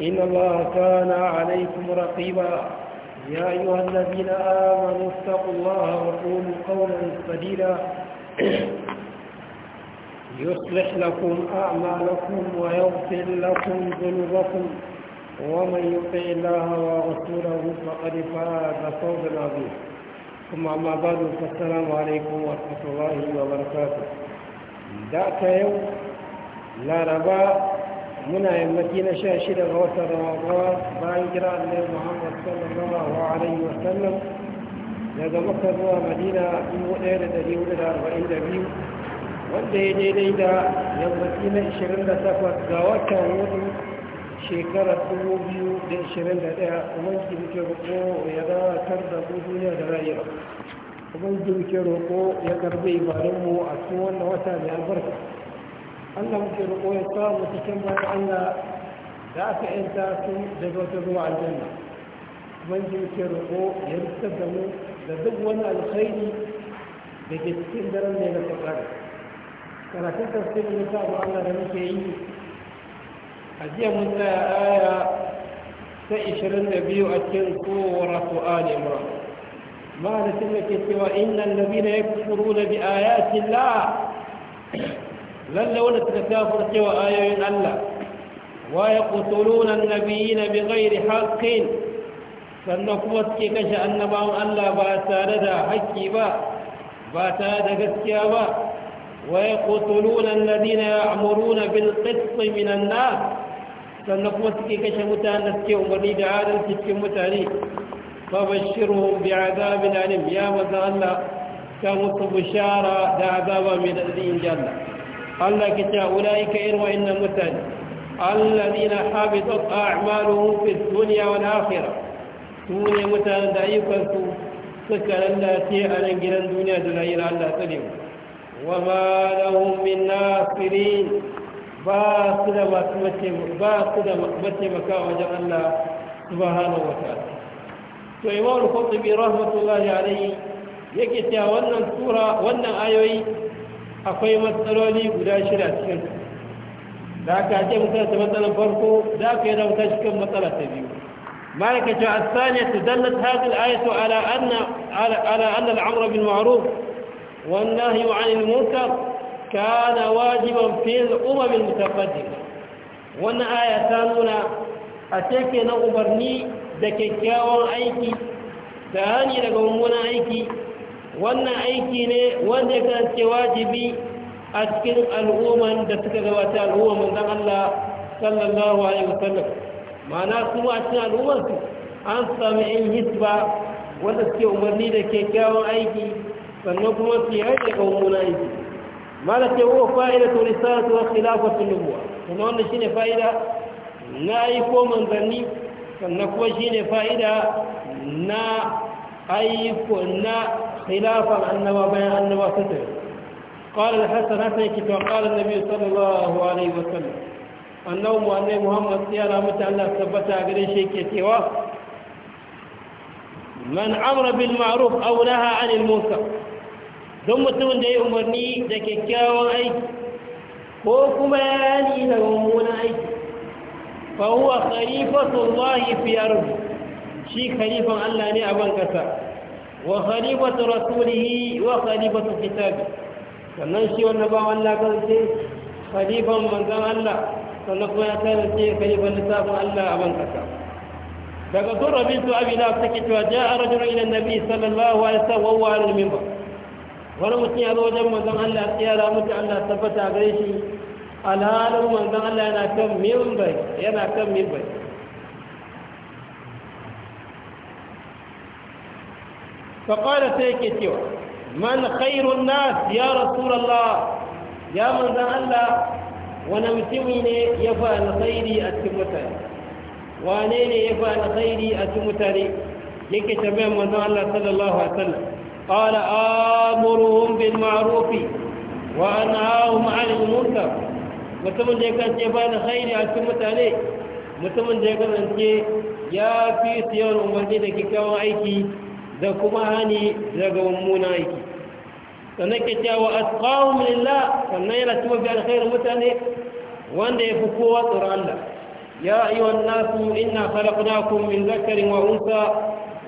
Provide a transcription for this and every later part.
إن الله كان عليكم رقيبا يا أيها الذين آمنوا اتقوا الله وقولوا قولا سديدا يصلح لكم أعمالكم ويغفر لكم ذنوبكم ومن يطع الله ورسوله فقد فاز فوزا عظيما ثم أما بعد فالسلام عليكم ورحمة الله وبركاته ذاك يوم لا رباء muna yammaci na sha shida ga watan ramadan bayan kira annabi muhammad sallallahu alaihi wa sallam daga makka zuwa madina biyu, wanda ya daidai da yammaci na da takwas, ga watan hudu shekarar 2021 umarci muke roƙo ya dawatar da duniya da rayuwa umarci muke roƙo ya karɓi ibadunmu a cikin wannan wata mai albarka أنه في رؤية الصلاة وتكمل أن دافع ذات جدوت الروع الجنة من جل في رؤو يرتبن لدون الخير بجسد رمي لتقر كما تتفصيل النساء وأن رمي في عيد هذه آية سيشر النبي أتين سورة آل إمران ما نسمك سوى إن الذين يكفرون بآيات الله lalle wanda suka kafar cewa ayoyin Allah wa yaqtuluna an-nabiyina bighairi haqqin sannan kuma suke kashe annabawan Allah ba tare da haƙƙi ba ba tare da gaskiya ba wa yaqtuluna alladhina ya'muruna bil qist min an-nas sannan kuma suke kashe mutanen da suke umarni da adalci cikin mutane فبشرهم Allah أليم يا مزال الله كمت بشارة لعذاب من الذين جل Allah ke cewa ulaika irin wa'annan mutane allazina habitat a'maluhum fi dunya wal akhirah su ne mutanen da ayyukansu suka lalace a nan gidan duniya da lahira Allah tsare mu wa ma lahum min nasirin ba su da masu mataimaka wajen Allah subhanahu wa ta'ala to imam al-qurtubi rahmatullahi alayhi yake cewa wannan sura wannan ayoyi akwai matsaloli guda shida cikin da aka ce mutum ta matsalar farko za ka yi da cikin matsalar ta biyu malaka ce a saniya ta dallat ayatu ala anna ala anna al'amr bil ma'ruf wan nahyi 'anil munkar kana wajiban fi al-umam al wannan aya ta nuna a ce na umarni da kyakkyawan aiki da hani daga mummunan aiki wannan aiki ne wanda ya kasance wajibi a cikin al'umman da suka gabata al'umman manzon Allah sallallahu alaihi wasallam ma'ana su a cikin al'umman su an samu in hisba wanda suke umarni da kyakkyawan aiki sannan kuma su yi haɗe ga mummuna aiki malaka huwa fa'idatu risalatu wa khilafatu nubuwa kuma wannan shine fa'ida na aiko manzanni sannan kuma shine fa'ida na aiko na خلافا عن نوابين عن نواسته قال الحسن حسن كيف قال النبي صلى الله عليه وسلم النوم وأن محمد سيارة متى الله ثبت أقري شيء كثيرا من أمر بالمعروف أو نهى عن الموسى ثم تقول لي أمرني ذاك الكاوى أي كوكما يعني لهمون أي فهو خليفة الله في أرضه شيء خليفة الله لأبن كثير وخليفة رسوله وخليفة كتابه sannan shi wannan ba Allah kasance khalifan manzon Allah sannan kuma ya kasance khalifan littafin Allah a bankasa daga zuwa bintu abi la take cewa ja'a rajulun ila nabi sallallahu alaihi wasallam wa huwa wani mutum ya zo wajen manzon Allah ya tsaya mutu Allah tabbata gare shi alhalin manzon Allah yana kan minbar yana kan faƙada ta yake cewa man khairun nas ya rasulallah ya manzan Allah wani mutumi ne ya fa alkhairi a cikin mutane wane ne ya fa alkhairi a cikin mutane yake tambayar manzan Allah sallallahu alaihi wasallam qala amuruhum bil ma'ruf wa anhahum 'anil munkar mutumin da ya kace ba alkhairi a cikin mutane mutumin da ya kasance ya fi siyar umarni da kyakkyawan aiki da kuma hani daga mummuna aiki sannan ke cewa asqahum lillah sannan yana tuba bi alkhairin mutane wanda ya fi kowa tsoron Allah ya ayyuhan nasu inna khalaqnakum min dhakarin wa unsa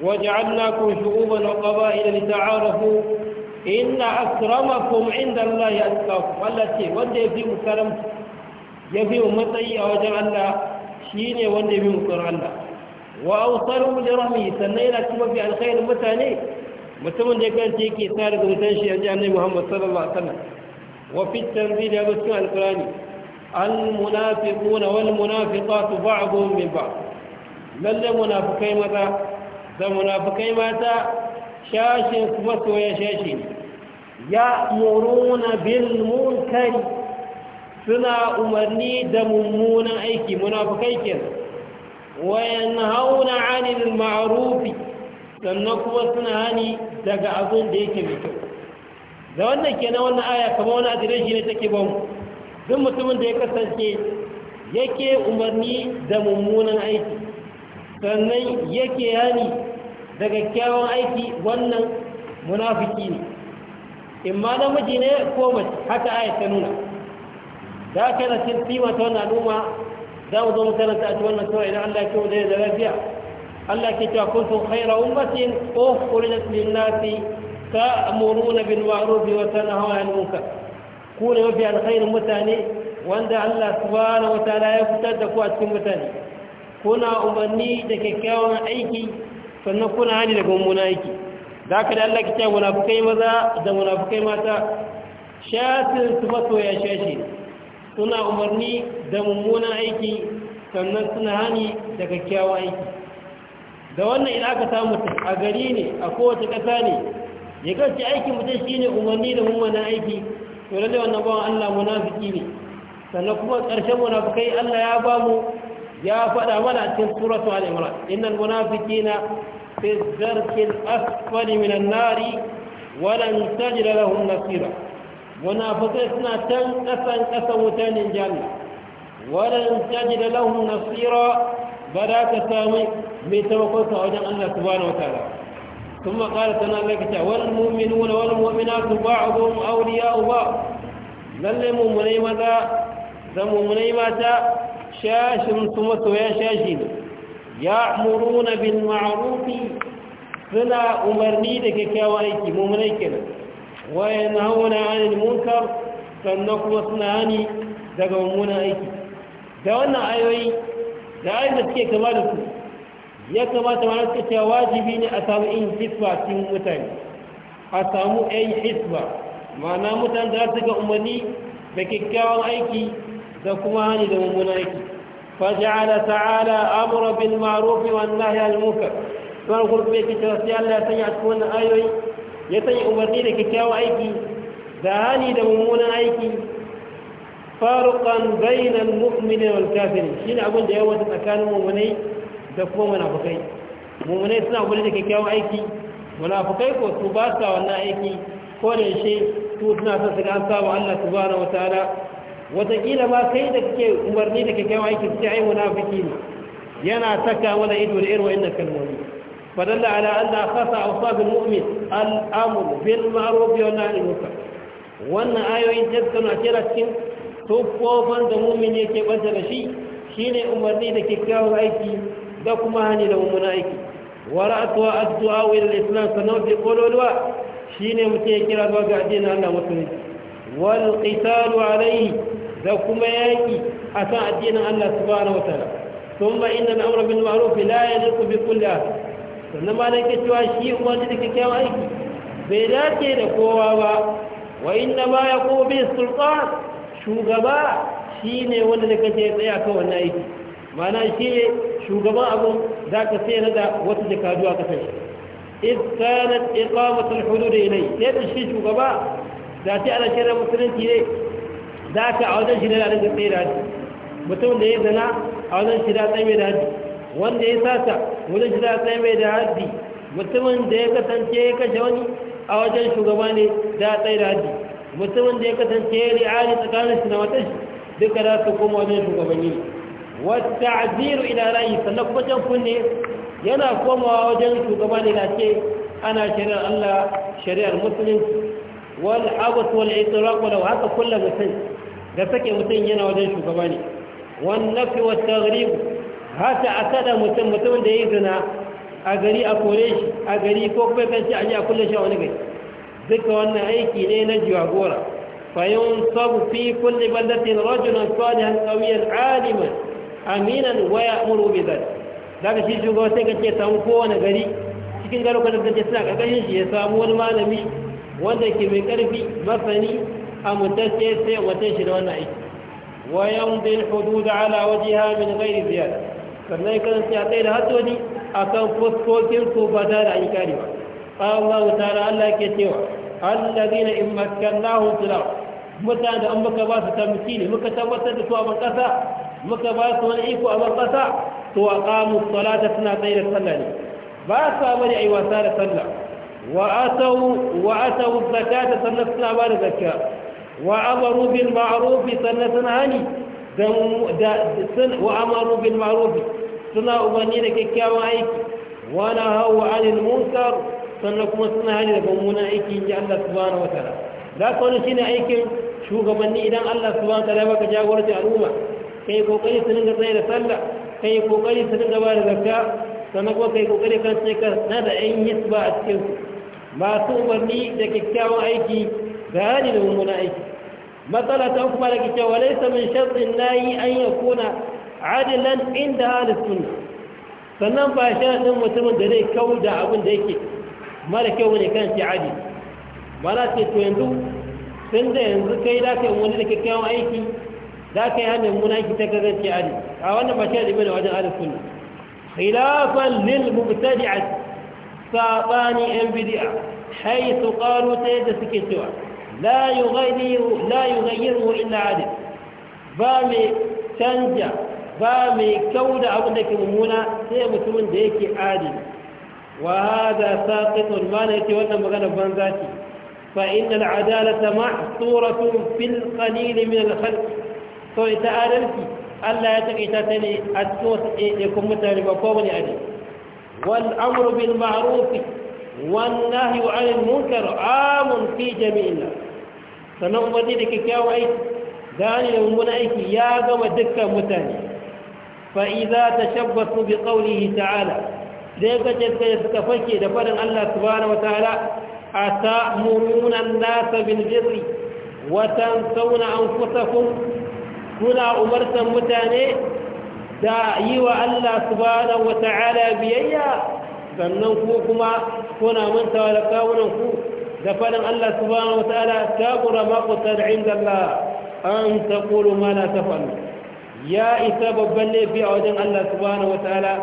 waja'alnakum shu'uban wa qaba'ila lita'arafu inna akramakum inda Allah ya asqakum Allah ce wanda ya fi mu ya fi matsayi a wajen Allah shine wanda ya fi mu tsoron Allah wa awsalu jirami sannan yana kuma fi alkhairin mutane mutumin da ya kanta yake sa da wutan shi yaji annabi Muhammad sallallahu alaihi wasallam wa fi tanzil ya bisu alqurani almunafiquna wal munafiqatu ba'dhum min ba'd lalle munafikai maza da munafikai mata shashin kuma soyayya shashi ya muruna bil munkari suna umarni da mummunan aiki munafikai kenan وينهون عن maarufi sannan kuma suna hani daga abin da yake mai kyau da wannan kenan wannan aya kamar wani adireshi ne take ba mu duk mutumin da ya kasance yake umarni da mummunan aiki sannan yake hani daga kyawun aiki wannan munafuki ne in ma namiji ne ko mace haka aya ta nuna da aka yana cin ta wannan al'umma za mu zo mu karanta a wannan kawai idan Allah ke wajen da lafiya Allah ke cewa kuntum khaira ummatin ukhrijat lin-nasi ta'muruna bil ma'ruf wa tanhauna 'anil munkar ku ne mafi alkhairin mutane wanda Allah subhanahu wa ta'ala ya fitar da ku a cikin mutane kuna umarni da kyakkyawan aiki sannan kuna hani da mummunan aiki da ka da Allah ke cewa munafukai maza da munafukai mata shatin su masoya shashi ne suna umarni da mummunan aiki sannan suna hani da kyakkyawan aiki da wannan idan aka samu a gari ne a kowace ƙasa ne ya gaske aikin mutum shi ne umarni da mummunan aiki to lalle wannan bawan allah munafiki ne sannan kuma ƙarshen munafikai allah ya ba mu ya faɗa mana a cikin suratu al'imran innal na, fi dharkil asfali minan nari walan tajida lahum nasira munafikai suna can ƙasan ƙasan wuta ne Wadannan wadan da lahum nasira ba za ka sami mai taimakon sa wajen Allah subhanahu wataala kuma ƙara tana lakata wal mu'minuna wal mu'minatu ba'dhum awliya'u ba'd lalle mu'minai maza da mummunai mata shashin su masoya shashi ne muruna bin ma'ruf suna umarni da kyakkyawa aiki mummunai kenan وينهون عن المنكر sannan kuma suna hani daga mummunan aiki da wannan ayoyi da ayin da suke kama da su ya kamata mana suka cewa wajibi ne a samu in hisba cikin mutane a samu yan hisba ma'ana mutane za su ga umarni da kyakkyawan aiki da kuma hani da mummunan aiki faja'ala ta'ala amura bil ma'ruf wa nahya al munkar wannan gurbe ke cewa sai Allah ya sanya cikin wannan ayoyi ya sanya umarni da kyakkyawan aiki da hali da mummunan aiki faruqan bainal mu'mini wal shi ne abin da ya wata tsakanin mummunai, da kuma munafikai Mummunai suna gudu da kyakkyawan aiki munafikai ko su ba sa wannan aiki ko da yashe su suna son su ga an saba Allah wata ala. wataƙila ma kai da kake umarni da kyakkyawan aiki su ce ai munafiki ne yana saka mana ido da irin wa'annan kalmomi فدل على أن خاص أوصاف المؤمن الأمر بالمعروف والنهي عن المنكر وأن آيوين تذكر أشيرة tuffofin da mumin yake banta da shi shi ne umarni da kyakkyawar aiki da kuma hani da mummuna aiki wa ra'atuwa addu'a wa ilal islam sanawti qululwa shine mutum ya kira zuwa ga addinin Allah musulunci wal qitalu alayhi da kuma yaki akan addinin Allah subhanahu wa na thumma inna al sannan ba na cewa shi wani da kyakkyawan aiki bai dace da kowa ba wa inda ma ya kobe sulfan shugaba shi ne wanda da kace tsaya a wani aiki mana shi ne shugaban abin za ka sai na da wata jakadu a kasar shi iz kanat iqamatul hudud ilay sai da shi shugaba da ta ala shirin musulunci ne za ka auzan shi da ranar da tsaye da mutum da ya zana auzan shi da tsaye da wanda ya sata wurin shi za a tsaye mai da haddi mutumin da ya kasance ya kashe wani a wajen shugaba ne za a tsaye da haddi mutumin da ya kasance ya ri'ari tsakanin shi na wata shi duka za su koma wajen shugabanni wata aziru ina rayi sannan kuma can kunne yana komawa wajen shugaba ne na ce ana shari'ar Allah shari'ar musulunci wal abus wal itiraq wal haka kullu mutum da sake mutum yana wajen shugaba ne wan nafi wat taghrib hata a kada mutum mutum da ya yi zina a gari a kore shi a gari ko kuma kan ci a ji a kulle shi a wani gari duka wannan aiki ne na jiwa gora fa sabu fi فينصب في كل salihan رجلا aliman aminan عالما أمينا bi بذلك daga shi shugaba sai ka ce samu kowane gari cikin garo garukan da ce suna ƙarƙashin shi ya samu wani malami wanda ke mai karfi masani a mutacce sai wata shi da wannan aiki wayan bin hudu da ala wajiha min gairi ziyara sannan ya kasance a tsaye da hatsoni a kan fuskokinsu ba ta da an kare ba Allah ta'ala Allah ke cewa allazina in makkannahum fil ard mutane da an muka ba su tamkini muka tabbatar da su a bankasa muka ba su wani iko a ƙasa, to a aqamu salata suna tsaye da sallah ne ba su bari yi wasa da sallah wa atau wa atau zakata sannan suna ba da zakka wa amaru bil ma'ruf sannan suna hani don da sun wa'amaru bin marufi suna ubanni da kyakkyawan aiki wani hawa alil munkar sannan kuma suna hali da gwamunan aiki ji allah subhanahu wa ta'ala za ka wani shine aikin shugabanni idan allah subhanahu wa ta'ala baka jagoranci al'umma kai kokari su dinga tsaye da sallah kai kokari su dinga ba da zakka sannan kuma kai kokari kan sai ka nada yan yisba a cikin masu ubanni da kyakkyawan aiki ga hali da gwamunan aiki matsala ta kuma da ke cewa laisa min sharɗin nayi an ya kuna adilan inda halittun sannan ba sharaɗin mutumin da zai kawo da abin da yake mara kyau ne kan ce adi mana ce to yanzu sun da yanzu kai za ka yi wani da kyakkyawan aiki za ka yi hannun muna aiki ta kasance adi a wannan ba sharaɗi bane wajen halittun khilafan lil mubtadi'at sabani yan bid'a haythu qalu ta yadda suke cewa la yi ghayyarin wa'ina adin ba mai canja ba mai kyau da abin ke mummuna sai mutumin da yake adin wa haza sa tsakon mana yake wannan maganar banza ce fa inna al'adala ta ma'a fil qalili min al to ita adalci Allah ya take ta ne a cikin wasu ɗaiɗaikun mutane ba ko wani adin wal amru bil ma'ruf wan nahyu 'anil munkar amun fi jami'in nas sannan umarni da kyakkyawan aiki da hanyar da mummunan aiki ya gama dukkan mutane fa'iza ta shabbasu bi ƙaunihi ta'ala da ya kai suka fake da faɗin Allah subhanahu wata ta'ala a ta mummunan nasa bin birri watan sauna an kusa kun kuna umartan mutane da yi wa Allah subhanahu wata ta'ala biyayya sannan ku kuma kuna mantawa da kawunan ku da fadin Allah subhanahu wa ta'ala takura makotar inda Allah an ta kuru mana tafan ya isa babban laifi a wajen Allah subhanahu wa ta'ala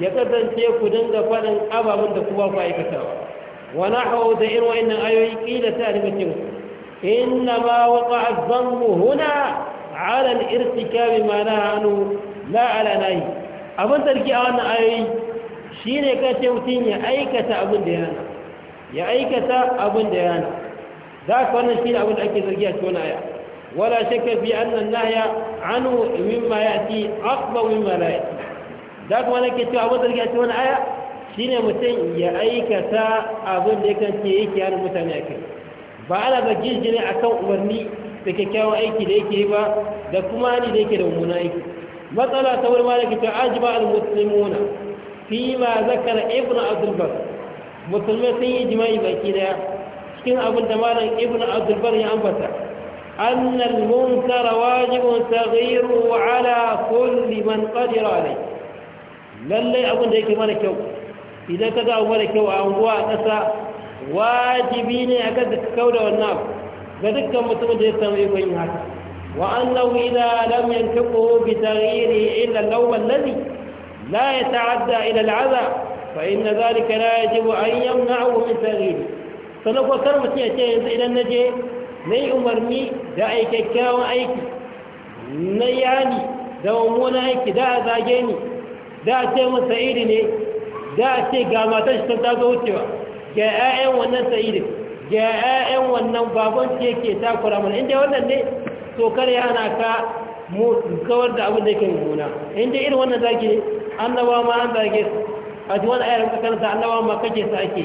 ya kasance ku dinga fadin ababun da kuma ku aikata wa na da irin wa'annan ayoyi kila ta alimacin inna ma waka azan muhuna alal irtikabi ma na hannu la ala nayi abin tarki a wannan ayoyi shine kace mutum ya aikata abin da ya nana ya aikata abin da ya nuna za ka wannan shi ne abin da ake zargi a cikin aya wala shakka fi annan nahya anu mimma yati aqba mimma la yati za ka wannan ke cewa abin da zargi a cikin aya shine mutum ya aikata abin da yake yake hana mutane a kai ba ana ba shi ne akan umarni da kyakkyawan aiki da yake ba da kuma ni da yake da mummuna aiki matsala ta wurin malaki ta ajiba al-muslimuna fi ma zakara ibnu abdul bakr musulmai sun yi jima'i baki daya cikin abin da malam ibn abdulbar ya ambata annal munkara wajibun saghiru ala kulli man qadira alai lallai abin da yake mana kyau idan ka ga mara kyau a unguwa a ƙasa wajibi ne a kan ka kauda wannan abu ga dukkan mutumin da ya samu ikon yin haka wa annahu idza lam yanfiqu bi taghyiri illa al-lawm alladhi la yata'adda ila al فإن ذلك لا يجب أن يمنعه من تغييره sanakwa kar mutum ya ce yanzu idan na je na yi umarni da a yi kyakkyawan aiki na yani da mummunan aiki da a zage ni da a ce mun sa'idi ne da a ce ga matan shi ta zo wucewa ga 'ya'yan wannan sa'idin ga 'ya'yan wannan baban shi yake takura mana inda wannan ne to ka mu kawar da abin inda irin wannan ma an zage su a ji wani ayar ka karanta Allah ma kaje su ake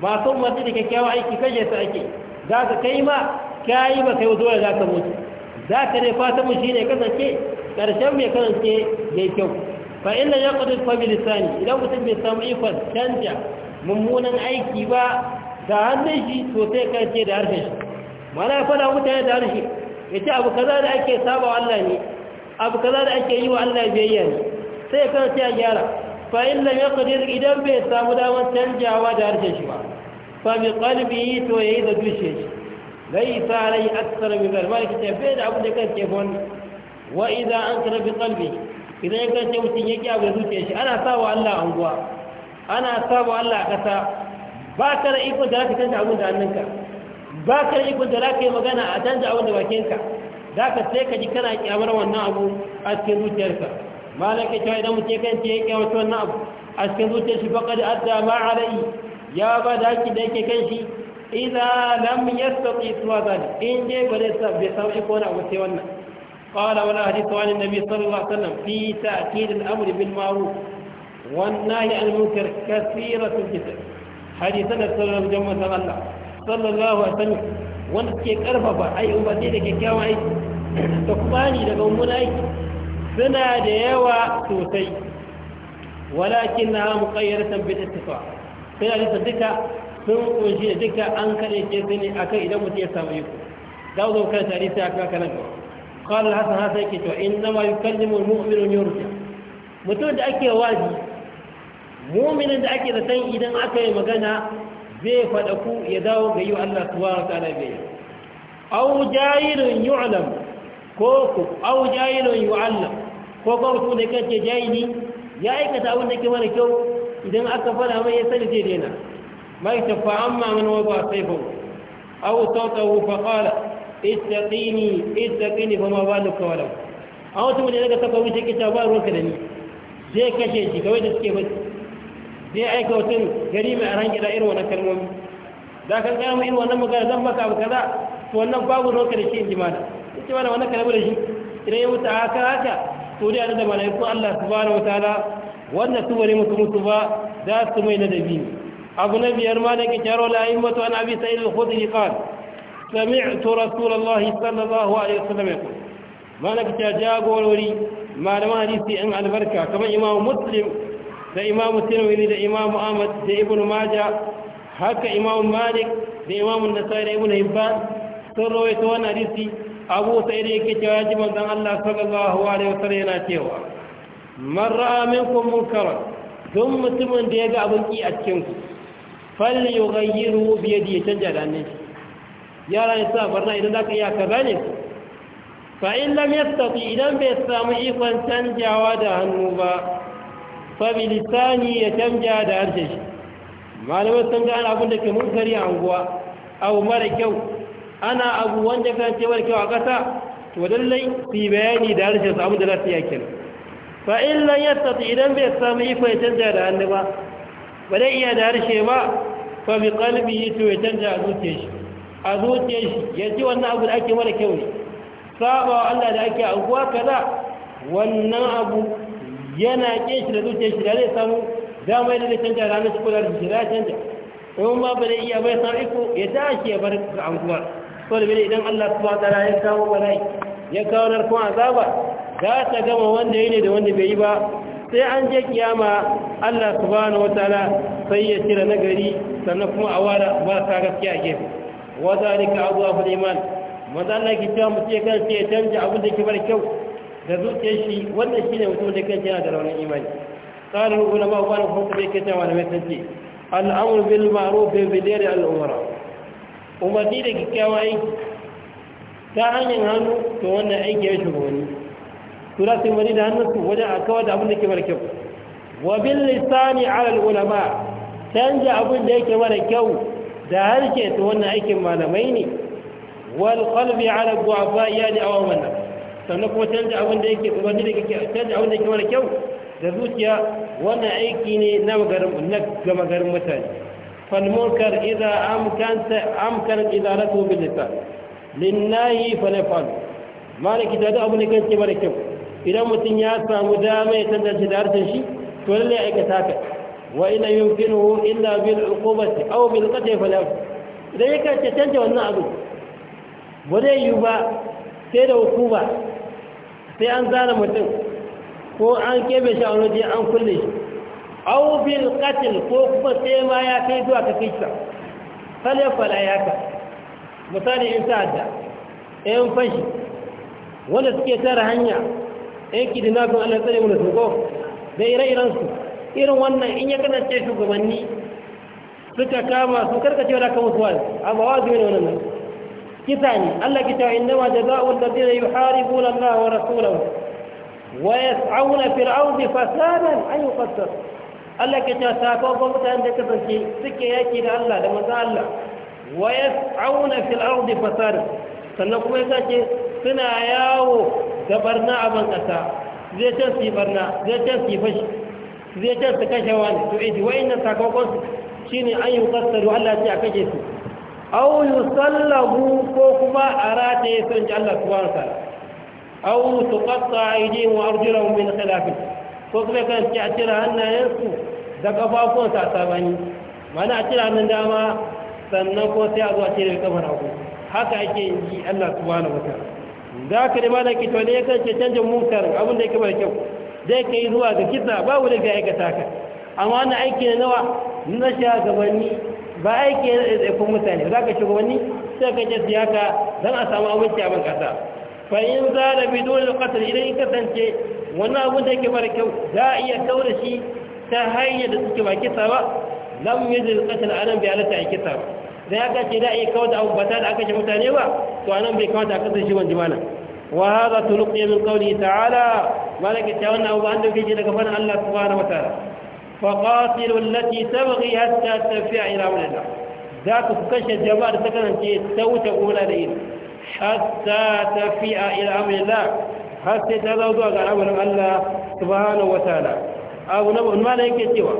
ba sun masu da kyakkyawa aiki kaje su ake za ka kai ma ka ba kai dole za ka mutu za ka ne fata mu shine kasance ƙarshen mai kasance ya kyau fa inda ya ƙudu fa bilisani idan mutum bai samu ikon canja mummunan aiki ba da hannun shi to sai kasance da harshen shi mana ya fada mutane da harshe ya ce abu kaza da ake saba wa Allah ne abu kaza da ake yi wa Allah biyayya ne sai kasance a gyara fa'in lam yaqdir idan bai samu damar canjawa da harshen shi ba fa bi yi to ya yi da dushe shi laysa alai a min al-malik ta bai da abin da kake gon wa idza ankara bi qalbi idan kace mutun yake abu da zuciyar shi ana sawa Allah anguwa ana sawa Allah a kasa ba ka da ikon da zaka canja abin da hannunka ba ka da ikon da zaka yi magana a canja abin da bakinka ka sai ka ji kana kyamar wannan abu a cikin zuciyarka ke cewa idan mutum ya kanci ya kyawata wannan abu a cikin zuciyar shi faƙa da adda ma alai ya ba da haƙƙi da yake kan shi idan lam yastati suwa zali in je ba zai samu iko wani abu sai wannan qala wala hadithu an annabi sallallahu alaihi wasallam fi ta'kid al-amr bil ma'ruf wan nahy an munkar kathiratu jiddan hadithan sallallahu alaihi wasallam sallallahu alaihi wasallam wanda ke karfafa ai umarni da kyakkyawan aiki da kuma ni daga mummunan aiki suna da yawa sosai walakin na hamu ƙayyar tambin istifa suna nisa duka sun kunshi da duka an kaɗe ke sani a kan idan mutum ya samu yi ku za ku zo kan tari sai aka kanan gaba kawai hasan hasan ke cewa in nama ma kan kallin mu'minin yorùbá mutum da ake waji mu'minin da ake da san idan aka yi magana zai faɗa ku ya dawo ga yi allah suwa ta ala bai au jahilun yu'lam ko ku au jahilun yu'allam ko farko da kace jahili ya aikata abin da ke mara kyau idan aka fara mai ya sani zai daina mai tafa amma man waba saifu ta tawtahu fa qala ittaqini ittaqini fa ma ba baluka wala a wata mutum daga saka wuce kita ba ruwanka da ni zai kashe shi kawai da suke bai zai aika mutum gari mai aran gida irin wannan kalmomi da kan kama irin wannan magana zan maka abu kaza to wannan babu ruwanka da shi in ji mana ita mana wannan kalmar da shi idan ya mutu a haka haka to dai annabi malaiku ko Allah subhanahu wataala wanda su bari mutum su ba za su mai ladabi abu na biyar ma da kike yaro la ayyuma to annabi sayyid al-khudri qal sami'tu rasulullahi sallallahu alaihi wasallam yaqul mana kike jagorori malaman hadisi yan albarka kamar imam muslim da imam tirmidhi da imam ahmad da ibnu majah haka imam malik da imam an-nasa'i da ibnu hibban sun rawaito wannan hadisi abu sa'id yake cewa ya ji manzon Allah sallallahu alaihi wasallam yana cewa man ra'a minkum munkaran duk mutumin da ya ga abin ki a cikin ku yughayyiru bi yadihi ya canja da hannun yara ne sa barna idan zaka iya ka gane ku fa in lam yastati idan bai samu ikon canjawa da hannu ba fa bi lisani ya canja da harshe malamai sun gane abin da ke munkari a unguwa abu mara kyau ana abu wanda kan ce wani kyau a ƙasa to lallai su yi bayani da harshen su da za su yi kenan fa in lan yastati idan bai samu iko ya canja da hannu ba ba dai iya da harshe ba fa bi qalbi to ya canja a zuciyar shi a zuciyar shi ya ji wannan abu da ake mara kyau ne saba wa Allah da ake anguwa kaza wannan abu yana ƙin shi da zuciyar shi da zai samu damar da zai canja da hannun shi ko da harshe shi za canja in ba ba dai iya bai samu iko ya tashi ya bar anguwar saboda mene idan Allah subhanahu wataala ya kawo bala'i ya kawo narkon azaba za ta gama wanda ya ne da wanda bai yi ba sai an je kiyama Allah subhanahu wataala sai ya cire nagari sannan kuma a wara ba sa gaskiya a gefe wa zalika adhafu iman maza Allah ki ta mutu ya kansa ya canja abin da ke bar kyau da zuciyar shi wannan shine mutum da kansa yana da raunin imani قال العلماء وانا فوق بكتا وانا مثلتي الامر بالمعروف بدير الامراء umarni da kyakkyawa aiki ta hanyar hannu to wannan aiki ya shugabanni su za su yi umarni da hannun hannunsu wajen a kawar da abin da ke mara kyau wa bin lissani alal ulama canja abin da yake mara kyau da harshe ta wannan aikin malamai ne wal qalbi ala du'afa yani awan wannan sannan kuma canja abin da yake umarni da kake canja abin da yake mara kyau da zuciya wannan aiki ne na gama garin mutane فالمنكر إذا أمكنت أمكنت إدارته باللسان للنهي فليفعل مالك إذا أبو لكن كبرك إذا متن ياسا مدامة تنتج دارتن شيء تولي أيكتاك وإن يمكنه إلا بالعقوبة أو بالقتل فليفعل إذا يكاد تتنجى والنعبد ولا يبا سيد عقوبة sai an zana mutum ko an kebe shi a wani an kulle shi Aubin bil ko kuma sai ma ya kai zuwa ka kai ta fale fala ya ka misali in ta'adda in fashi wanda suke tara hanya in kidnapping Allah tsare mu da da ire-iren su irin wannan in ya ce shugabanni suka kama su karkace da kan mutuwa abu wa zuwa wannan nan kisa ne Allah kita innama jazaa'ul ladina yuharibuna Allah wa rasulahu ويسعون في الأرض فسادا yi يقتلوا Allah ke cewa sakamakon mutanen da kasance suke yaki da Allah da maza Allah wa yas'auna fil ardi fasad sannan kuma yasa ce suna yawo da barna a ban kasa zai ta su barna zai ta su fashi zai ta su kashe wani to idi wa'annan sakamakon su shine an yi kasaru Allah ce a kashe su aw yusallahu ko kuma a rataye sun ji Allah subhanahu wa ta'ala aw tuqatta aydihim wa arjuluhum min khilafin ko kuma kan ce a cire hannayensu da kafafun a sabani mana a cire hannun dama sannan ko sai a zuwa cire kafar hagu haka ake yi Allah subhanahu wataala za ka nema da kito ne yakan ce canjin munkar abin da yake kamar kyau zai yi zuwa ga kisa babu da ga aikata ka amma wannan aiki ne nawa na shugabanni ba aiki ne da tsaifin mutane za ka shugabanni sai ka ce siyaka don a samu abinci a ban kasa fa'in za da bi dole kasar idan ya kasance wani abin da yake mara kyau za a iya kaura shi ta hanyar da suke ba kisa ba lam yi da kasar anan bai halatta a kisa ba da ya kace da a iya kawata abu ba ta da aka ce mutane ba to anan bai kawata a kasar shi wani jimana wa haza tuluqiya min qawli ta'ala malaka ta wannan abu an dauke shi daga fana Allah su subhanahu wa ta'ala fa qatilu allati tabghi hatta tafi'a ila amrillah za ku kashe jama'a da ta kasance ta wuce gona da ita hatta tafi'a a amrillah har sai ta zo zuwa ga al'amarin Allah subhanahu wataala abu na ban da yake cewa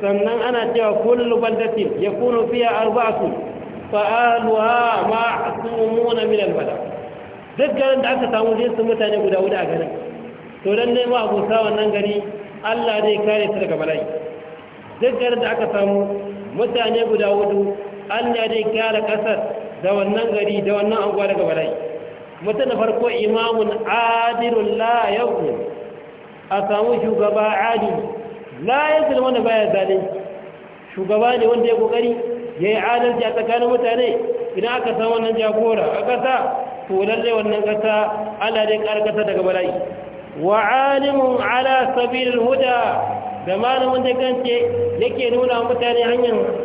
sannan ana cewa kullu baldatin yakunu fiha arba'atun fa ahluha ma'sumuna min al-bala duk garin da aka samu jinsin mutane guda guda a garin to dan ne ma sa wannan gari Allah zai kare su daga bala'i duk garin da aka samu mutane guda hudu Allah zai kare kasar da wannan gari da wannan anguwa daga barai mutum na farko imamun Adirun la a samu shugaba adil la yakun wanda baya shugaba ne wanda ya kokari ya yi adalci a tsakanin mutane idan aka san wannan jagora a ƙasa to lallai wannan ƙasa Ala dai ƙara ƙasa daga bala'i wa alimun ala sabilil huda da malamin da kance yake nuna mutane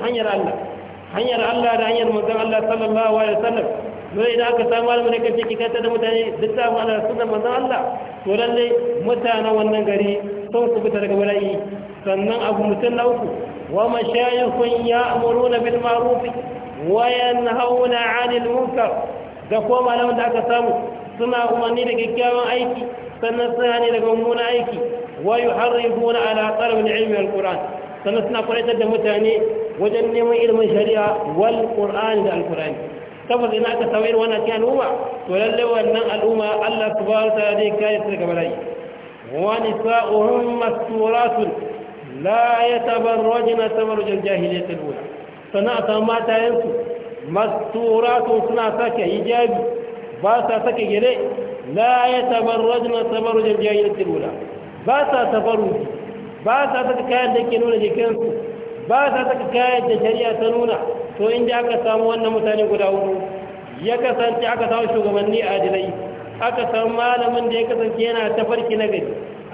hanyar Allah hanyar Allah da hanyar manzon Allah sallallahu alaihi wasallam dole idan aka samu malamin da kace ki kanta da mutane duk ta mana sunan manzon Allah to lalle mutanen wannan gari sun ku fita daga bala'i sannan abu mutum na uku wa mashayikhun ya'muruna bil ma'ruf wa yanhauna 'anil munkar da kuma malamin da aka samu suna umarni da kyakkyawan aiki sannan suna ne daga mummunan aiki wa yuharrifuna ala talab al-ilmi wal-qur'an sannan suna kwaitar da mutane wajen neman ilimin shari'a wal qur'an da alqur'ani saboda ina aka samu irin wannan cikin al'umma to lalle wannan al'umma Allah subhanahu wa ta'ala zai kare su daga bala'i wa nisa'uhum masturatun la yatabarrajna tabarrujal jahiliyyati al-ula sana ta mata yansu masturatun suna saka hijabi ba sa saka gire la yatabarrajna tabarrujal jahiliyyati al-ula ba sa tabarruji ba sa saka kayan da ke nuna jikinsu ba sa saka kayan da shari'a ta nuna to inda aka samu wannan mutane guda hudu ya kasance aka samu shugabanni a adilai aka samu malamin da ya kasance yana ta farki na gari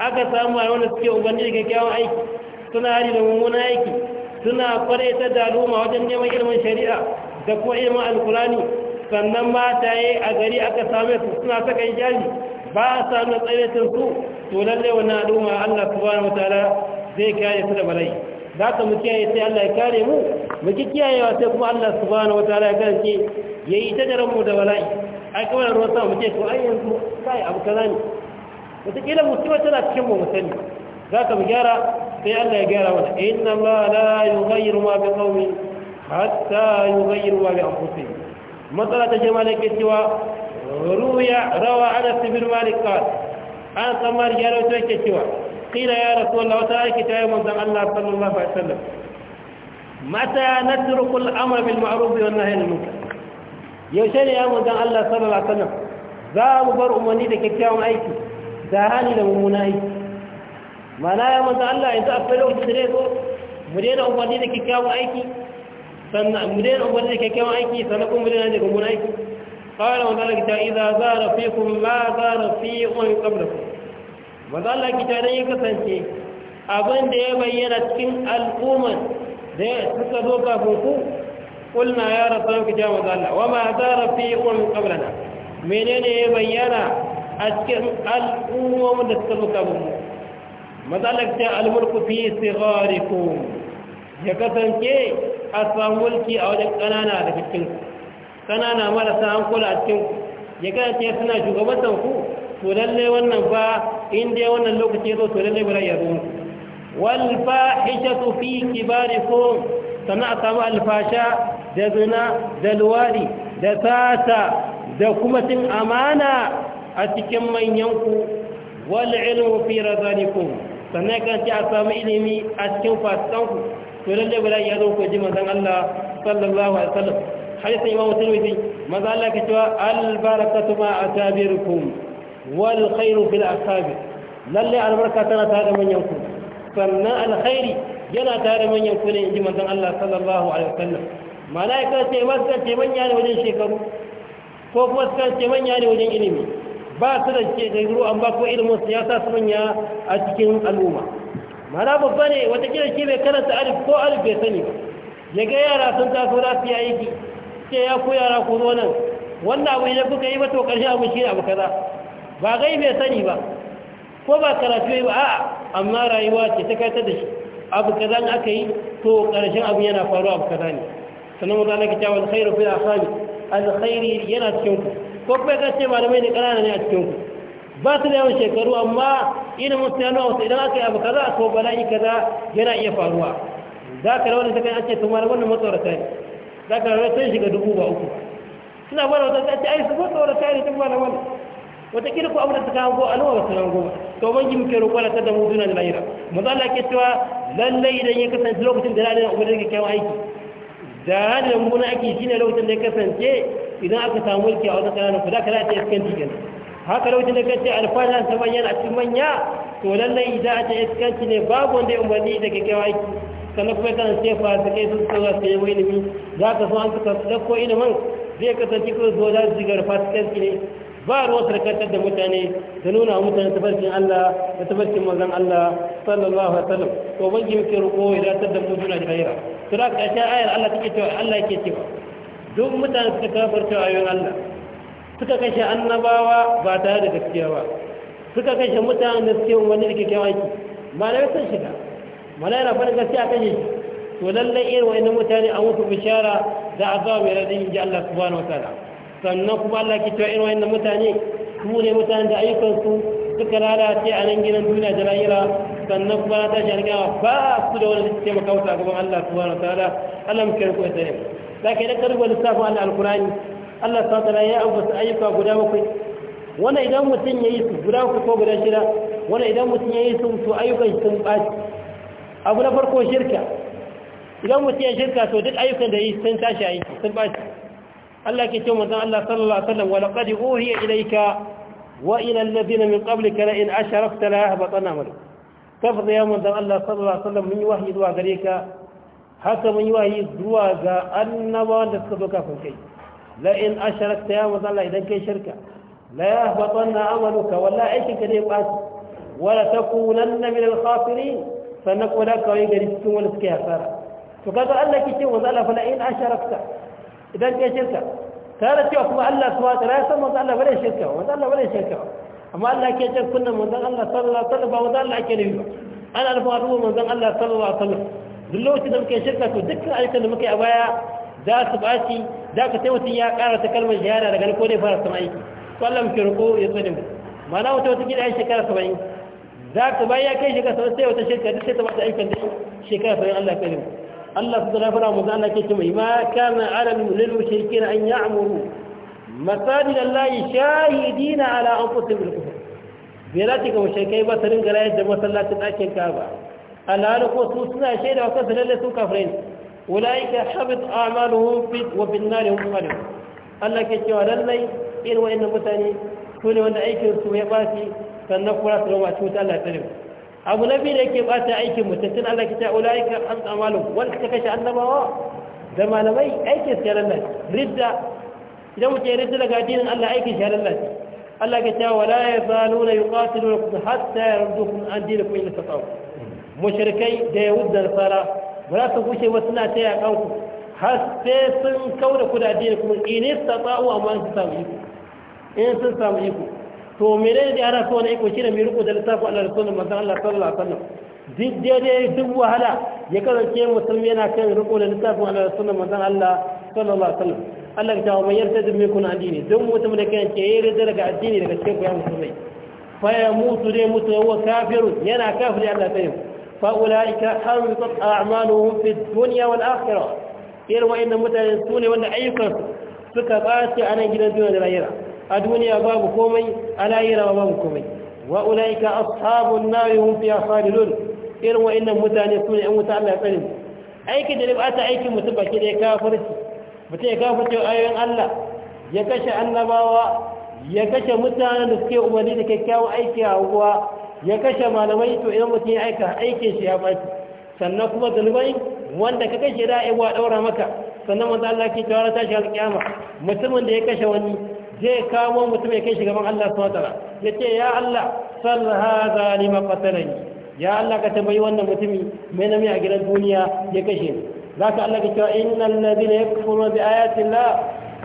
aka samu a wanda suke ubanni da kyakkyawan aiki suna hari da mummunan aiki suna kwaraita ta al'umma wajen neman ilimin shari'a da kuma ilimin alkulani sannan mataye a gari aka same su suna saka hijabi ba a samu tsaitin su to lallai wannan al'umma Allah subhanahu ta'ala zai kare su da bala'i za ka mu kiyaye sai Allah ya kare mu mu kiyaye wa sai kuma Allah subhanahu wataala ya kance yayi ta daren mu da wala'i ai kawai ruwan sama mu ce to ai yanzu kai abu kaza ne wataƙila musibar tana cikin mu musali za ka mu gyara sai Allah ya gyara mana inna ma la yughayyiru ma bi qaumin hatta yughayyiru ma bi anfusihim matsala ta je malaka ke cewa ruya rawa ala sibir malik qal an samar gyara ta ke cewa qila ya rasulullah wata aiki ta yi manzon Allah sallallahu alaihi wasallam mata natruku al-amr bil ma'ruf wa wannan anil muka. yaushe ne ya manzon Allah sallallahu alaihi wasallam za mu bar umarni da kyakkyawan aiki da hali da mummuna aiki mana ya manzon Allah yanzu a akwai lokaci ne ko mu daina umarni da kyakkyawan aiki sannan mu daina umarni da kyakkyawan aiki sannan kuma mu daina da mummuna aiki قال وذلك إذا زار فيكم ما زار في أمم قبلكم maza Allah kitare ya kasance abin da ya bayyana cikin al'ummar da suka zo kafin ku kulna ya rasul ki maza Allah wa ma zara fi qawmin qablana menene ya bayyana a cikin al'ummar da suka zo kafin ku maza Allah ya al-mulku fi sigharikum ya kasance a samu mulki a wajen kanana da cikin kanana marasa hankula a cikin ya kasance suna shugabantar ku to lalle wannan ba in dai wannan lokaci zo to lalle bala ya zo wal fahishatu fi kibarikum sana a samu alfasha da zina da luwadi da sata da kuma cin amana a cikin manyanku wal ilmu fi razalikum sannan kan ci a samu ilimi a cikin ku to lalle bala ya zo ku ji manzon Allah sallallahu alaihi wasallam hadisin imamu tirmidhi manzo Allah ke cewa al barakatu ma atabirukum wal khairu fil asabi lalle albarka tana tare da manyan ku sannan alkhairi yana tare da manyan ku ne inji manzon Allah sallallahu alaihi wasallam malaika ce masu ce manya ne wajen shekaru ko kuma suka ce manya ne wajen ilimi ba su da ce da guru an ba ko ilimin su ya sa su manya a cikin al'umma mana babba ne kira shi bai karanta alif ko alif bai sani ba ya ga yara sun taso za su yi aiki ce ya ku yara ku zo nan wannan abu ya kuka yi ba to karshe abu shi ne abu kaza ba gai bai sani ba ko ba karatu ba a'a amma rayuwa ce ta kai ta da shi abu kaza aka yi to karshen abu yana faruwa abu kaza ne sannan wanda ana kita wal khairu fil asami alkhairi yana cikin ku ko kuma ka ce malamai ne kanana ne a cikin ku ba su da yawan shekaru amma ina musu yana idan aka yi abu kaza ko bala'i kaza yana iya faruwa za ka rawar da ta kai an ce to malamai wannan matsorata ne za ka rawar sun shiga dubu ba uku suna bada wata ta ce ai su matsorata ne tun wannan watakila ko abuda da go alwa a sanan go to ban jim muke kwala ta da mu duna laira lahira Allah ke cewa lallai idan ya kasance lokacin da ranar ubangiji ke kai aiki da ranar mun aiki shine lokacin da ya kasance idan aka samu mulki a wata kana ku za ka lafiya iskan jikin haka lokacin da kace alfahar ta bayyana a cikin manya to lallai idan a iskan ki ne babu wanda ya umarni da kai aiki sannan kuma kana ce fa ta kai sun sauya su yi ilimi za ka so an ka ina ilimin zai kasance ko zo da su shiga da ne ba ruwan sarkantar da mutane da nuna mutane tafarkin Allah da tafarkin manzon Allah sallallahu alaihi wasallam to bangi muke roƙo ya datar da mu juna da khaira to da ka ta ayar Allah take cewa Allah yake cewa duk mutane suka kafarta ayoyin Allah suka kashe annabawa ba tare da gaskiya ba suka kashe mutane da suke wani da kyakkyawan aiki malamai sun shiga malamai na fara gaskiya kashe shi to lallai irin wa'annan mutane an musu bishara da azaba mai radin inji Allah subhanahu wa ta'ala sannan kuma Allah ke cewa irin wayannan mutane su ne mutane da ayyukansu suka lalace a nan gidan duniya da lahira sannan kuma ta shirga ba su da wani da taimaka wata gaban Allah subhanahu wa ta'ala Allah mu kira ku da tare da kai da karbo lissafin Allah alqur'ani Allah subhanahu wa ta'ala ya ambata ayyuka guda bakwai wani idan mutum ya yi su guda uku ko guda shida wani idan mutum ya yi su to ayyukan sun ɓaci, abu na farko shirka idan mutum ya shirka to duk ayyukan da ya yi sun tashi a yi sun ɓaci Allah ke ce manzon Allah sallallahu alaihi wasallam wa laqad uhiya ilayka wa ila alladhina min qablika la in asharakta la yahbatanna amaluk kafir ya manzon Allah sallallahu alaihi wasallam mun yi wahyi zuwa gare ka haka mun yi wahyi zuwa ga annabawan da suka zo kafin kai la in asharakta ya manzon Allah idan kai shirka la yahbatanna amaluka wala aikinka ne ba wala takunanna min al-khasirin sannan kuma da kawai gari cikin wani suke hasara to kaga Allah ke ce manzon Allah fa la in asharakta idan kai shirka tare da cewa kuma Allah subhanahu wa ta'ala ya san manzo Allah bare shirka manzo Allah bare shirka amma Allah ke ce kunna manzo Allah sallallahu alaihi wasallam ba manzo Allah ke nabi ba ana alfa ruwa manzo Allah sallallahu alaihi wasallam duk lokacin da muke shirka to dukkan ayyukan da muke a baya za su baci za ka sai mutum ya ƙara ta kalmar shahada daga ko dai fara sama aiki kwallon Allah muke ya tsare mu mana wata wata gida shekara 70 za ka bayan ya kai shekara 70 sai wata shirka duk sai ta bata ayyukan da shekara 70 Allah ya kai mu Allah su zara fara maza Allah ke ce mai ma kana alal lil mushrikin an ya'muru masajid Allah dina ala an anfusihim bil kufr bai lati ga shekai ba su ringa rayar da masallacin ɗakin Ka'aba alhali ko su suna shaida wa kansu lalle su kafirai ulaika habit a'maluhum fi wa bin nar hum khalidun Allah ke cewa lallai irin wa'annan mutane su ne wanda aikin su ya baci sannan kuma su roma cuta Allah ya rubuta abu na biyu da yake bata aikin mutattun Allah ki ta ulaika an amalu wanda suka kashe annabawa da malamai aikin su yaran nan ridda idan mutum ridda daga addinin Allah aikin shi yaran nan Allah ke ta wala ya yazaluna yuqatilunakum hatta yardukum an dinikum in istata'u mushrikai da yahud da nasara ba za su gushe ba suna ta yakan ku har sai sun kauda ku da addinin ku in istata'u amma in sun samu iko in sun samu iko to mene da ana so na iko shine mai riko da littafi Allah da sunan Allah sallallahu alaihi wasallam duk daidai duk wahala ya kasance musulmi yana kan riko da littafi Allah da sunan Allah sallallahu alaihi wasallam Allah ya tawo mai yarda da kuna addini don mutum da kan ce yayi rida daga addini daga cikin kuyan musulmai fa ya mutu dai mutu wa kafiru yana kafiri Allah sai fa ulaika hamdat a'maluhum fi dunya wal akhirah irin wa'annan mutane su ne wanda ayyukansu suka ba a nan gidan duniya da lahira a duniya babu komai a lahira babu komai wa ulaika ashabun nari hum fiha khalidun irin wa'annan mutane sune an wuta Allah ya tsare mu aiki da ba ta aikin mutum baki da ya kafirci mutum ya kafirce ayoyin Allah ya kashe annabawa ya kashe mutane da suke umarni da kyakkyawan aiki a unguwa ya kashe malamai to idan mutum ya aika aikin shi ya baci sannan kuma zunubai wanda ka kashe da aiwa daura maka sannan wanda Allah ke tawara tashi alƙiyama mutumin da ya kashe wani zai kawo mutum ya kai shi gaban Allah subhanahu wataala ya ce ya Allah sal hadha lima qatalani ya Allah ka tambayi wannan mutumi mai nami a gidan duniya ya kashe za ka Allah ka cewa innal ladina yakfuruna bi ayati Allah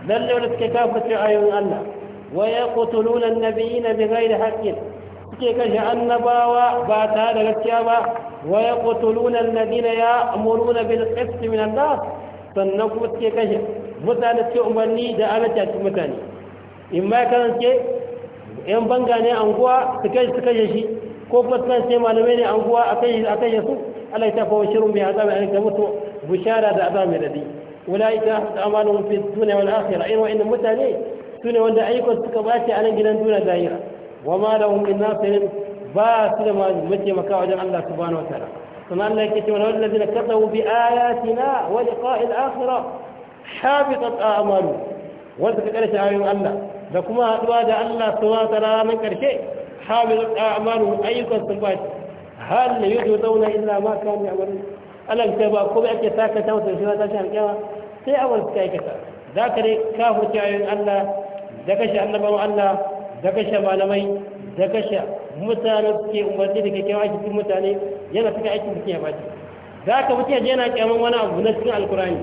lalle wani suke kafirce ayoyin Allah wa yaqtuluna bi nabiyina da haƙƙin, suke kashe annabawa ba tare da gaskiya ba wa yaqtuluna alladhina ya'muruna bil qisti min an-nas sannan kuma suke kashe mutane suke umarni da alaƙa cikin mutane in ma ya kasance yan banga ne anguwa su su kashe shi ko kuma ce kasance malamai ne anguwa a kashe su Allah ya tafa wa shirin mai azabi a rika mutu bushara da azabi da dai ulaika amalun fi dunya wal akhirah irin wa'annan mutane sune wanda ayyukan suka bace a nan gidan duniya zahira wa ma lahum min nasirin ba su da mace mataimaka wajen Allah subhanahu wa ta'ala kuma Allah yake cewa wal ladina kafaru bi ayatina wa liqa'il akhirah habitat a'malu wanda ka karshe ayoyin Allah da kuma haɗuwa da Allah su ta ranar ƙarshe hamilun amaru ayyukan sun ba har da yau zauna illa ma ne a wurin alam sai ba kuma ake sa saka ta wata shi wata shan kyawa sai a wani kai kasa za ka dai ka huce ayoyin Allah da kashe annabawan Allah da kashe malamai da kashe mutane suke umarni da kyakkyawan aiki cikin mutane yana suka aiki da ya ce za ka mutu yaje na kyaman wani abu na cikin alkurani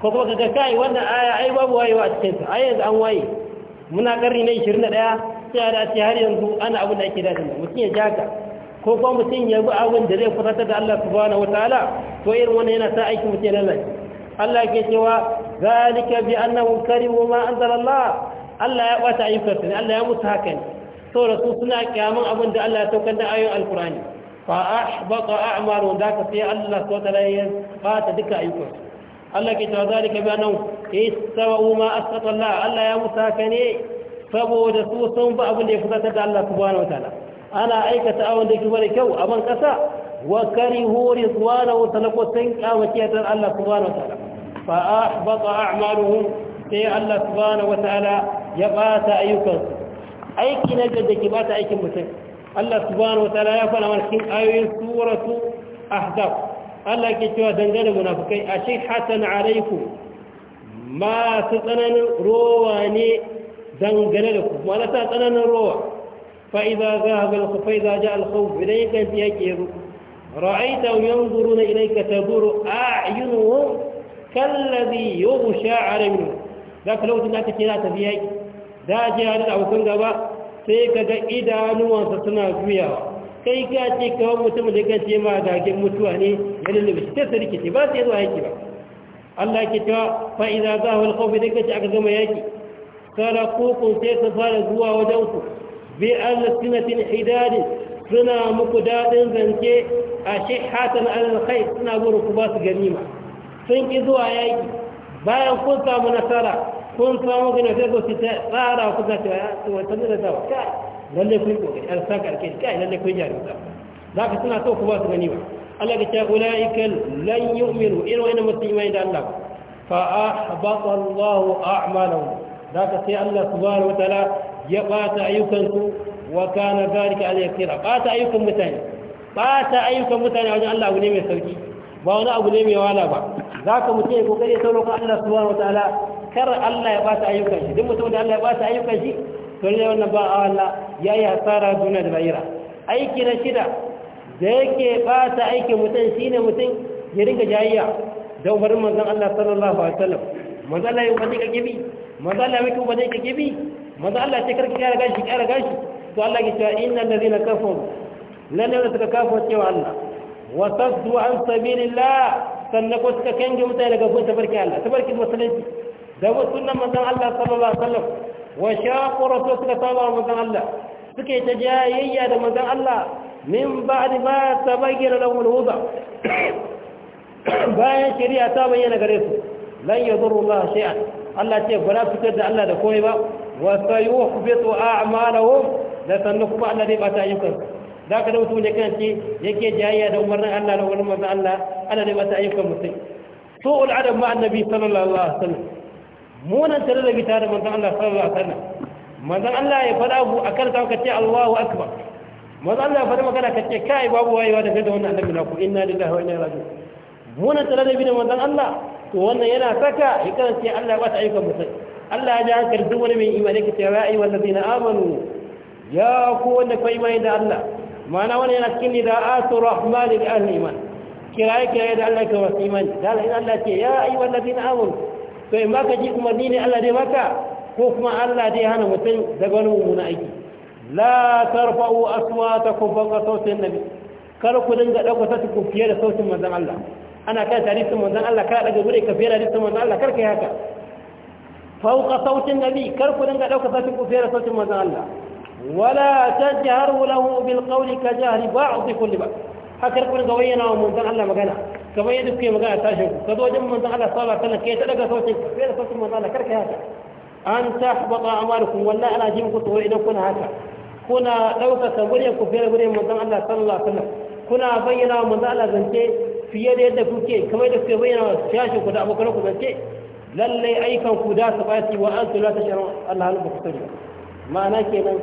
ko kuma ka ga kai wannan aya ai babu wayewa a cikinsa ai yanzu an waye muna ƙarni na 21 sai da ce har yanzu ana abin da ake dace mutum ya jaga ko kuma mutum ya bi abin da zai kusantar da Allah subhanahu wataala to irin wannan yana sa aikin mutum ya lalace Allah ke cewa zalika bi annahum karimu ma anzalallah Allah ya bata ayyukansu ne Allah ya musu haka ne saboda su suna kyamun abin da Allah ya saukar da ayoyin alkurani fa ahbata a'malun da ka sai Allah subhanahu wataala ya bata duka ayyukansu Allah ke cewa zalika bi annahum istawa'u ma asqata Allah Allah ya musa ka ne saboda su sun ba abin da ya fusatar da Allah subhanahu wataala ana aikata awon da ke da kyau a ban kasa wa karihu ridwanahu talaqo sun kamace ta Allah subhanahu wataala fa ahbata a'maluhum sai Allah subhanahu wataala ya bata ayyukansu aiki na da ke bata aikin mutum Allah subhanahu wataala ya fara mana cikin ayoyin suratu ahdaf Allah ke cewa dangane munafukai ashe hatan alaikum masu tsananin rowa ne dangane da ku mana ta tsananin rowa fa'iza za a bala ku fa'iza ja alkhawf idan ya kan fiye ke ru ra'aita yanzuru na ilaika taduru a'yunuhum kallazi yughsha alayhim da ka lokacin da aka ce za ta biya da ji hadu da abokan gaba sai kaga idanuwansa suna juyawa kai ka ce kawai mutum da kan ce ma mutuwa ne ya da shi ta sarki ce ba su yi zuwa yaki ba Allah ke cewa fa'iza za a wani da ce aka gama yaki kara kokon sai su fara zuwa wajen ku bi alastinatin hidari suna muku daɗin zance a shi hatan alkhai suna zuwa ku ba su ganima sun ki zuwa yaki bayan kun samu nasara kun samu gina sai ku ta tsara ku za ah, ta wata da ta wata lalle kun kokari an saka alkai kai lalle kun jarumta za ka suna so ku ba su gani ba Allah ya ta ulaika lan yu'minu irin wannan musulmai da Allah fa ahbata Allahu a'malahum za ka sai Allah subhanahu wa ta'ala ya bata ku wa kana zalika alayhi kira bata ayyukan mutane bata ayyukan mutane wajen Allah abu ne mai sauki ba wani abu ne mai wala ba za ka mutum ya kokari ya sauran Allah subhanahu wa ta'ala kar Allah ya bata ayyukan shi duk mutum da Allah ya bata ayyukan shi to ne wannan ba a Allah ya yi hasara duniya da lahira aiki na shida da yake bata aikin mutum shine mutum ya ringa jayayya da umarin manzon Allah sallallahu alaihi wasallam manzo Allah ya umarni ka gibi manzo Allah ya umarni ka gibi manzo Allah ya ce karki kara gashi kara gashi to Allah ya ce innal ladina kafaru lan yusaka kafaru cewa Allah wa saddu an la. sannan ko suka kange mutane daga gun tabarkin Allah tabarkin musulunci da wasu nan mazan Allah sallallahu alaihi wasallam wa shaqu rasul suka saba manzon Allah suke ta jayayya da manzon Allah min ba'di ma tabayyana lahum al-huda bayan shari'a ta bayyana gare su lan yadurru Allah shay'an Allah ce ba za su fitar da Allah da komai ba wa sayuhbitu a'malahum da sannu ba Allah zai bata ayyukansu za ka da mutum kan kanci yake jayayya da umarnin Allah da umarnin manzon Allah Allah zai bata ayyukan mutum su'ul adam ma annabi sallallahu alaihi wasallam mu nan tare da bita da manzon Allah sallallahu alaihi wasallam manzon Allah ya faɗa abu akan sa ka ce Allahu akbar manzon Allah ya faɗa magana ka ce kai babu wayewa da da wannan annabi naku inna lillahi wa inna ilaihi raji'un mu nan tare da bita manzon Allah to wannan yana saka ya karanta Allah ba ta aika musai Allah ya ji hankali duk wani mai imani ke ce ya ayyuhal ladina amanu ya ku wanda kai mai da Allah ma'ana wannan yana cikin nida'atu rahmani li ahli iman kiraye kiraye da Allah ka wasu imani da Allah ya ce ya ayyuhal ladina amanu to in baka ji umarni ne Allah dai maka ko kuma Allah dai hana mutum daga wani mummuna aiki la tarfa'u aswatakum fawqa sawti an-nabi kar ku dinga dauka sautin ku fiye da sautin manzon Allah ana kai tarihin manzon Allah ka daga gure ka fiye da tarihin manzon Allah kar kai haka fawqa sautin nabi kar ku dinga dauka sautin ku fiye da sautin manzon Allah wala tajharu lahu bil qawli ka jahri ba'd kulli ba hakar ku dinga wayyana wa manzon Allah magana kamar yadda kuke magana tashin ku ka zo wajen manzon Allah sallallahu alaihi wasallam kai ta daga sautin ku. kai da sautin manzon Allah karka haka an tahbata amalukum wallahi ana jin ku tsoro idan kuna haka kuna ɗaukaka muryar ku fere da muryar manzon Allah sallallahu alaihi wasallam kuna bayyana wa manzon Allah zance fiye da yadda kuke kamar da kuke bayyana wa tashin ku da abokan ku zance lallai aikan ku da su baci wa an tula ta sharon Allah halu ku sani ma'ana kenan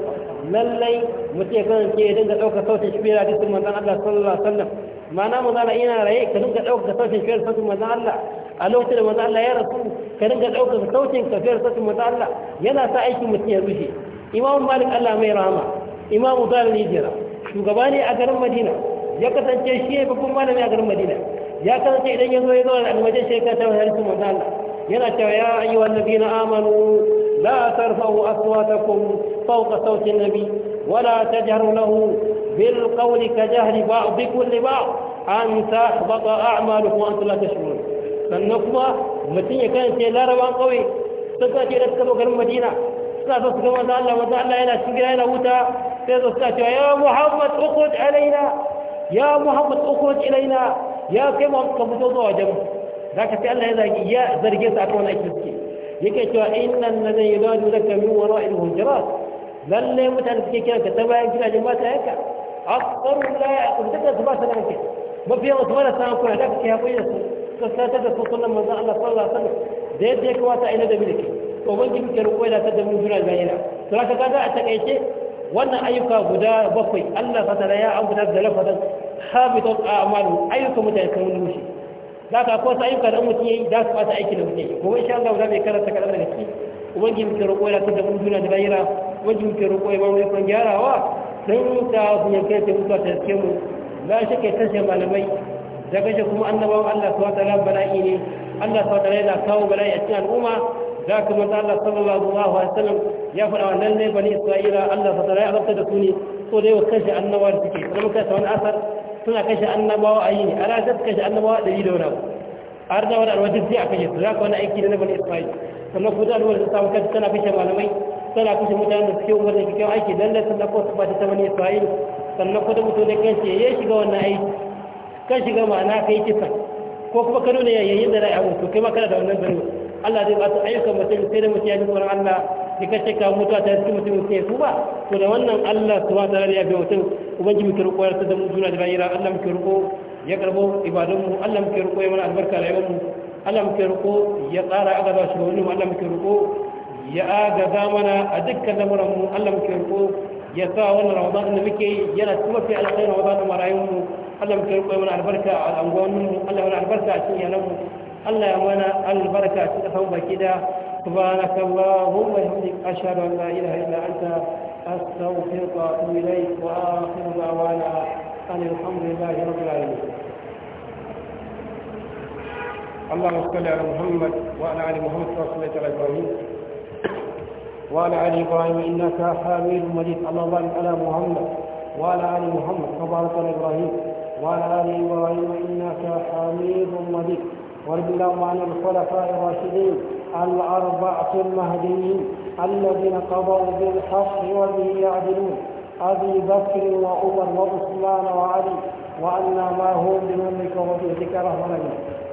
lallai mutum ya kasance ya dinga ɗaukar sautin shi fere da hadisin Allah sallallahu alaihi wasallam ma'ana manzo Allah yana raye ka dinga dauka sautin kafiyar sautin manzo Allah a lokacin da manzo Allah ya rasu ka dinga dauka sautin kafiyar sautin manzo Allah yana sa aikin mutum ya rushe Imam Malik Allah mai rahama Imam Dalil Hijra shugaba ne a garin Madina ya kasance shi ya babban malami a garin Madina ya kasance idan ya zo ya zo da almajin shekara ta wajen manzo Allah yana cewa ya ayyuhan nabiyina amanu la tarfa'u aswatakum fawqa sawti an-nabi ولا تجهروا له بالقول كجهل بعضكم لبعض أن تحبط اعمالكم وأنتم لا تشعرون فالنقطة متين كانت لا روان قوي تقاتي رسكبه كلمة مدينة لا تسكب وضع الله وضع الله إلى سجل إلى وتا تقاتي يا محمد اخرج علينا يا محمد اخرج إلينا يا كما أبقى بتوضوع جمع ذاك في الله إذا يا ذرقيت أكون أي تسكين يكتوا إن الذي يدادوا لك من وراء الهجرات لن لا يمتع لك كتبها يجب أن يمتع أكثر لا يعقل ذكر ثبات عنك ما في يوم ثمانة سنة كنا لك يا أبوية كسرت تدفع صلى الله عليه وسلم صلى الله عليه وسلم زيد ديك واتا إلى دبلك ومن جمك الأولى تدمي جرى البينة تراك a أتكيشي wannan ayyuka guda bakwai Allah fatara ya an guda da lafazan a a'malu ayyuka mutane kan wani mushi za ka akwai ayyuka da mutum yayi da su fata aiki da mutum yayi kuma insha Allah za mai karanta kadan daga ciki ubangiji muke roƙo ya ta da mun juna da bayira ubangiji muke roƙo ya ba mu ikon gyarawa don ta ya kai ta mutuwa ta suke mu ba shi kai tashin malamai da shi kuma annabawan Allah su wata ran bala'i ne Allah su wata yana kawo bala'i a cikin al'umma za ka mata Allah sallallahu alaihi ya faɗa wa nan bani Isra'ila Allah su wata azabta da su ne so a yawa kashe annabawa da suke kuma wani asar suna kashe annabawa yi ne ana kashe annabawa da wani abu har da wani alwajin sai a kashe ko za ka wani aiki na bani ismail sannan kuma alwar da samu kanta tana kashe malamai tana kashe mutanen da suke umar da suke aiki dan da sannan kuma su ba ta bani ismail sannan kuma mutum da kan ce ya shiga wannan aiki kan shiga ma'ana kai kisa ko kuma ka nuna yayin da ra'ayi abu to kai ma kana da wannan zaro Allah zai ba su ayyukan mutum sai da mutum ya ji tsoron Allah da ka mutu ta cikin mutum ke su ba to da wannan Allah subhanahu wa ta'ala ya bi mutum ubangiji mutum koyar ta da mu juna da bayira Allah muke ko ya karbo ibadunmu Allah muke roƙo ya mana albarka rayuwarmu Allah muke roƙo ya tsara agaza shugabannin mu Allah muke roƙo ya agaza mana a dukkan lamuran mu Allah muke roƙo ya sa wannan Ramadan da muke yi yana kuma fi alƙawarin Ramadan mu rayuwarmu Allah muke roƙo ya mana albarka a al'anguwannin mu Allah mana albarka a cikin iyalan Allah ya mana albarka a cikin kasan baki da سبحانك اللهم وبحمدك أشهد أن لا إله إلا أنت أستغفرك وأتوب إليك وآخر دعوانا أن الحمد لله رب العالمين اللهم صل على محمد وعلى آل محمد كما صليت على إبراهيم وعلى آل إبراهيم إنك حميد مجيد اللهم بارك على محمد وعلى آل محمد كما باركت على إبراهيم وعلى آل إبراهيم إنك حميد مجيد وارض اللهم عن الخلفاء الراشدين الأربعة المهديين الذين قضوا بالحق وبه يعدلون أبي بكر وعمر وعثمان وعلي وعنا ما هو بمنك وبيتك رحمة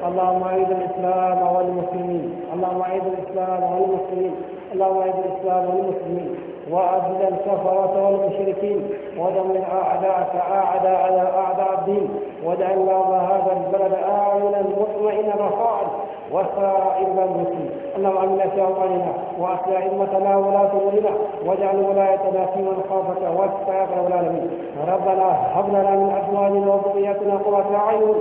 اللهم أعيد الإسلام والمسلمين اللهم أعيد الإسلام والمسلمين اللهم أعيد الإسلام والمسلمين وأذل الكفرة والمشركين ودمر أعداءك أعداء على أعداء الدين واجعل اللهم هذا البلد آمنا مطمئنا رخاء وسائر المسلمين اللهم امنا في اوطاننا وأخلى ائمتنا ولاة امورنا واجعل ولايتنا في من خافك واتقاك ولا نبي ربنا هب لنا من ازواجنا وذرياتنا قرة اعين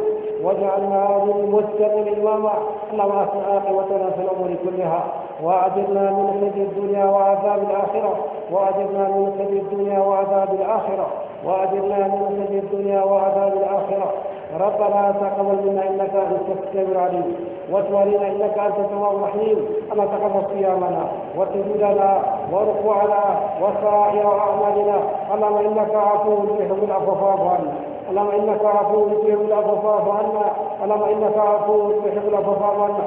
واجعلنا من المتقين إماما اللهم أحسن عاقبتنا في الأمور كلها وأجرنا من خزي الدنيا وعذاب الآخرة وأجرنا من خزي الدنيا وعذاب الآخرة وأجرنا من خزي الدنيا وعذاب الآخرة ربنا تقبل منا انك انت السميع العليم وتب علينا انك انت التواب الرحيم اما تقبل صيامنا وسجودنا وركوعنا وسائر اعمالنا اللهم انك عفو تحب العفو فاعف عنا اللهم انك عفو تحب العفو فاعف عنا اللهم انك عفو تحب العفو فاعف عنا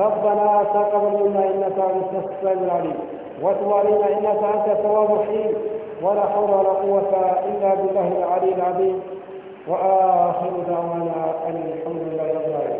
ربنا تقبل منا انك انت السميع العليم وتب علينا انك انت التواب الرحيم ولا حول ولا قوه الا بالله العلي العظيم واخر دعوانا ان الحمد لله رب العالمين